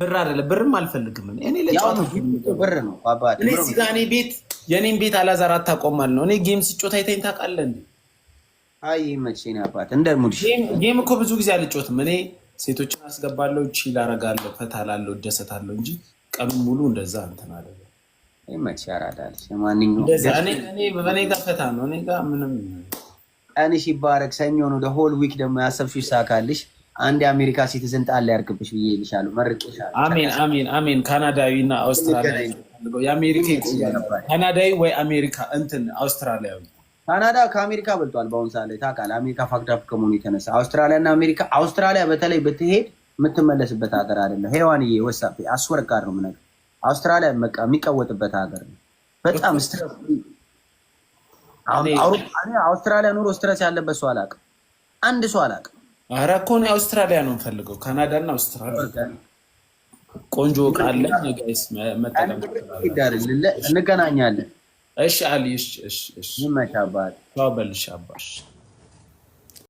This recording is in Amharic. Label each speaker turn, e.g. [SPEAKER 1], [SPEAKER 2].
[SPEAKER 1] ብር አይደለም፣ ብርም አልፈልግም። እኔ ለጫወታብር ነው እኔ እዚህ ጋር እኔ ቤት የእኔም ቤት አላዛር አታቆማል ነው። እኔ ጌም ስጮት አይተኝ ታውቃለህ? እንደ አይ መቼን አባት እንደ ሙድ ጌም እኮ ብዙ ጊዜ አልጮትም። እኔ ሴቶችን አስገባለሁ፣ ቺል አረጋለሁ፣ ፈታላለሁ፣ እደሰታለሁ እንጂ ቀኑ ሙሉ እንደዛ እንትን አለ መቼ ያራዳል። ማንኛውም እኔ ጋር ፈታ ነው። እኔ ጋር ምንም ቀንሽ ይባረክ። ሰኞ ነው። ደሆል ዊክ ደግሞ ያሰብሽ ይሳካልሽ። አንድ የአሜሪካ ሲቲዝን ጣል ያርግብሽ ብዬ ይልሻሉ። መርቄሻለሁ። አሜን አሜን አሜን። ካናዳዊ እና አውስትራሊያዊ የአሜሪካ ካናዳዊ ወይ አሜሪካ እንትን አውስትራሊያዊ ካናዳ ከአሜሪካ በልጧል። በአሁን ሰዓት ላይ ታውቃለህ፣ አሜሪካ ፋክዳፍ ከመሆኑ የተነሳ አውስትራሊያ እና አሜሪካ አውስትራሊያ በተለይ ብትሄድ የምትመለስበት ሀገር አይደለም። ሄዋንዬ ወሳፌ ጋር ነው የምነግርህ። አውስትራሊያ በቃ የሚቀወጥበት ሀገር ነው። በጣም ስትረስ አውስትራሊያ ኑሮ ስትረስ ያለበት ሰው አላውቅም። አንድ ሰው አላውቅም። አረ እኮ እኔ አውስትራሊያ ነው የምፈልገው። ካናዳ እና አውስትራሊያ ቆንጆ ዕቃ አለ። ነገስ መጠቀም እንገናኛለን። እሺ አሊ፣ እሺ፣ እሺ፣ እሺ።